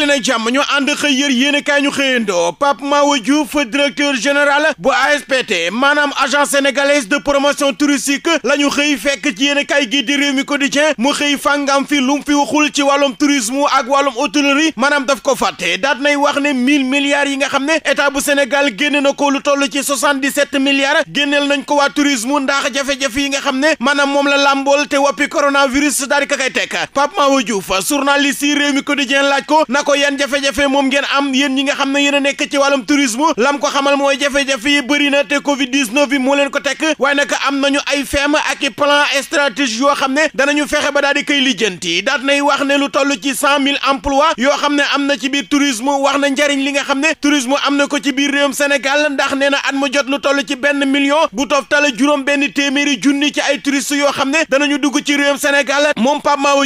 dali na jàmm ñu ànd xëy yër yéene kaay ñu xëyandoo Pape Mawa Diouf directeur général bu ASPT maanaam agence sénégalaise de promotion touristique la ñu xëy fekk ci yéene kaay gi di réew mi quotidien mu xëy fàngam fi lu mu fi waxul ci wàllum tourisme ak wàllum hôtellerie maanaam daf ko fàtte daat nay wax ne mille milliards yi nga xam ne état bu Sénégal génne na ko lu toll ci soixante-dix-sept milliards génneel nañ ko waa tourisme ndax jafe-jafe yi nga xam ne maanaam moom la làmbool te woppi coronavirus daal di ka koy tekk Pape Mawa Diouf journaliste yi réew ko yan jafe-jafe moom ngeen am yéen ñi nga xam ne yéen a nekk ci wàllum tourisme lam ko xamal mooy jafe-jafe yi bëri na te covid bi moo leen ko tekk waaye nag am nañu ay feem ak i plan stratégie yoo xam ne dana ñu fexe ba daal di koy lijjanti daat nay wax ne lu toll ci cent mille emploi yoo xam ne am na ci biir tourisme wax na njariñ li nga xam ne tourisme am na ko ci biir réewum Sénégal ndax ne na at ma jot lu toll ci benn million bu toftale juróom benn téeméeri junni ci ay touristes yoo xam ne danañu dugg ci réewum Sénégal moom Pape Mawa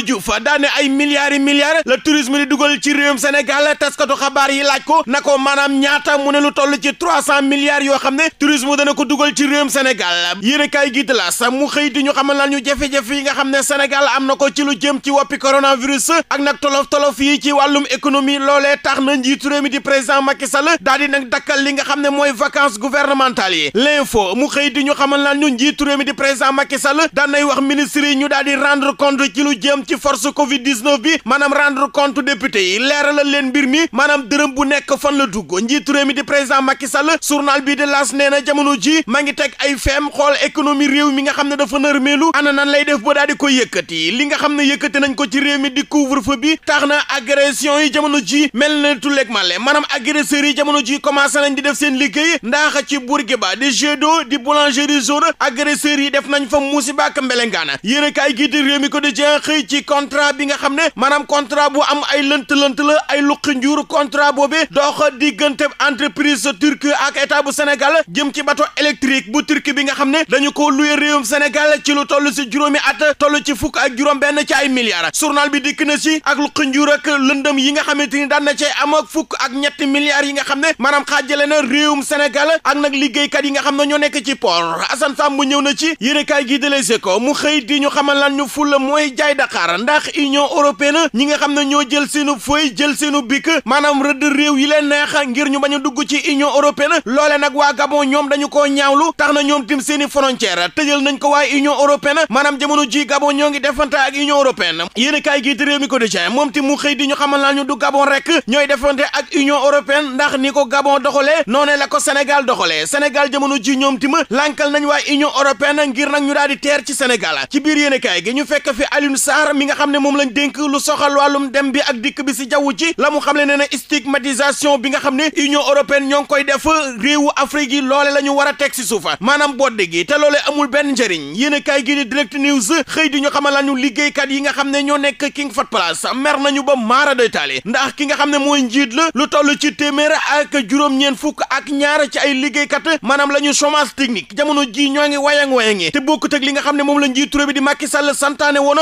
ay milliards yi milliards la tourisme di dugal ci réew réewum Sénégal taskatu xabaar yi laaj ko nako ko maanaam ñaata mu ne lu toll ci trois cent milliards yoo xam ne tourisme dana ko dugal ci réewum Sénégal yéen a kaay gi de la mu xëy di ñu xamal lan ñu jafe-jafe yi nga xam ne Sénégal am na ko ci lu jëm ci woppi coronavirus ak nag tolof-tolof yi ci wàllum économie loole tax na njiitu réew mi di président Macky Sall daal di nag dakkal li nga xam ne mooy vacances gouvernementales yi l'info mu xëy di ñu xamal lan ñu njiitu réew mi di président Macky Sall daan nay wax ministre yi ñu daal di rendre compte ci lu jëm ci force Covid 19 bi maanaam rendre compte député yi leeralal leen mbir mi maanaam dërëm bu nekk fan la dugg njiitu réew mi di président Macky Sall bi de laas nee na ji maa ngi teg ay feem xool économie réew mi nga xam ne dafa nërmeelu ana nan lay def ba daal di ko yëkkati li nga xam ne yëkkati nañ ko ci réew mi di couvre-feu bi tax na agression yi jamono ji mel na tuleeg male maanaam agresseurs yi jamono ji commencé nañ di def seen liggéey ndax ci Bourguiba di jet d'eau di boulangerie jaune agresseurs yi def nañ a kaay gii di réew mi ko di jeex xëy ci contrat bi nga xam ay luqi njuur contrat boobee dox diggante entreprise turque ak état bu Sénégal jëm ci bateau électrique bu turque bi nga xam ne dañu ko luye réewum Sénégal ci lu toll si juróomi at toll ci fukk ak juróom-benn ci ay milliards journal bi dikk na si ak luqi njuur ak lëndëm yi nga xamante ni daan na cay am ak fukk ak ñetti milliards yi nga xam ne maanaam xaajale na réewum Sénégal ak nag liggéeykat yi nga xam ne ñoo nekk ci port Assane Samb ñëw na ci yéenekaay gi de Les ko mu xëy di ñu xamal lan ñu fulla mooy jaay Dakar ndax Union européenne ñi nga xam ne ñoo jël seenu feuille jël seenu bik maanaam rëdd réew yi leen neex ngir ñu bañ a dugg ci union européenne loole nag waa Gabon ñoom dañu koo ñaawlu tax na ñoom tim seeni frontière tëjal nañ ko waaye union européenne maanaam jamono ji Gabon ñoo ngi defante ak union européenne kaay mi ko di moom tim mu xëy ñu xamal naan ñu du Gabon rek ñooy defante ak union européenne ndax ni ko Gabon doxalee noonee la ko senegal Sénégal doxalee senegal jamono ji ñoom tim lankal nañu waa union européenne ngir nag ñu daal teer ci Sénégal ci biir yéen kaay gi ñu fekk fi Alioune Sarr mi nga xam ne moom lañ dénk lu soxal wàllum dem bi ak dikk bi si jaww wu ci la mu xam le nee na stigmatisation bi nga xam ne union européenne ñoo ngi koy def réewu afrique loole la ñu war a teg si suufa maanaam bodde gi te loole amul benn njëriñ yéen a kaay gi di direct news xëy ñu xamal la ñu liggéeykat yi nga xam ne ñoo nekk king fat place mer nañu ba maara ndax ki nga xam ne mooy njiit la lu toll ci téeméer ak juróom-ñeen fukk ak ñaar ci ay liggéeykat maanaam la ñu chômage technique jamono ji ñoo ngi wayang wayangi te bokkut ak li nga xam ne moom la njiitu réew bi di Macky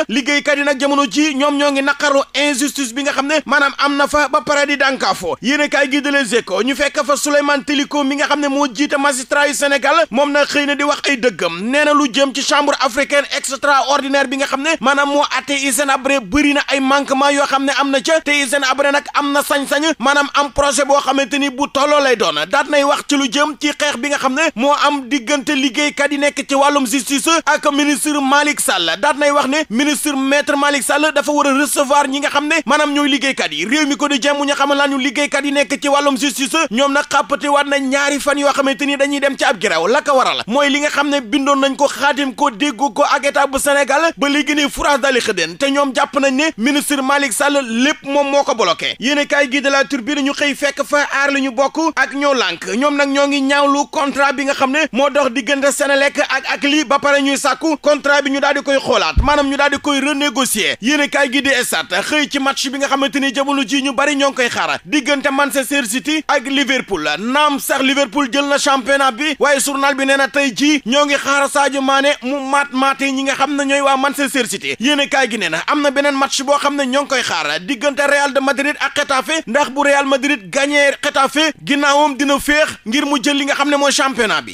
liggéeykat yi nag jamono ji ñoom ñoo ngi naqaru injustice bi nga xam ne maanaam am na fa ba pare di dànkaafoo yéen kaay gi de Les Échos ñu fekk fa Souleymane Téliko mi nga xam ne moo jiite magistrat yu Sénégal moom na xëy na di wax ay dëggam nee na lu jëm ci chambre africaine extraordinaire bi nga xam ne maanaam moo atte Hissène Habré bëri na ay manquement yoo xam ne am na ca te Hissène Habré nag am na sañ-sañ maanaam am projet boo xamante ni bu tolloo lay doon daat nay wax ci lu jëm ci xeex bi nga xam ne moo am diggante liggéeykat yi nekk ci wàllum justice ak ministre Malick Sall daat nay wax ne ministre maître Malick Sall dafa war a ñi nga xam ne maanaam ñooy liggéeykat yi yi réew mi ko di jëm mu ñu xamal ñu liggéeykat yi nekk ci wàllum justice ñoom na xàppati war na ñaari fan yoo xamante ni dañuy dem ci ab grève la ko waral mooy li nga xam ne bindoon nañ ko xaatim ko dégg ko ak état bu Sénégal ba léegi nii France daal di xëddeen te ñoom jàpp nañ ne ministre Malick Sall lépp moom moo ko bloqué yéen kaay gi de la Tribune ñu xëy fekk fa aar la ñu bokk ak ñoo lànk ñoom nag ñoo ngi ñaawlu contrat bi nga xam ne moo dox diggante Sénélec ak ak lii ba pare ñuy sàkku contrat bi ñu daal di koy xoolaat maanaam ñu daal di koy renégocier yéen kaay gi di Stades xëy ci match bi nga xamante ni jëm jamono ji ñu bari ñoo ngi koy xaara diggante Manchester City ak Liverpool naam sax Liverpool jël na championnat bi waaye journal bi nee na tey jii ñoo ngi xaara Sadio Mané mu maat maate ñi nga xam ne ñooy waa Manchester City yéene kaay gi nee na am na beneen match boo xam ne ñoo ngi koy xaara diggante Real de Madrid ak Getafe ndax bu Real Madrid gagné Getafe ginnaawam dina féex ngir mu jël li nga xam ne mooy championnat bi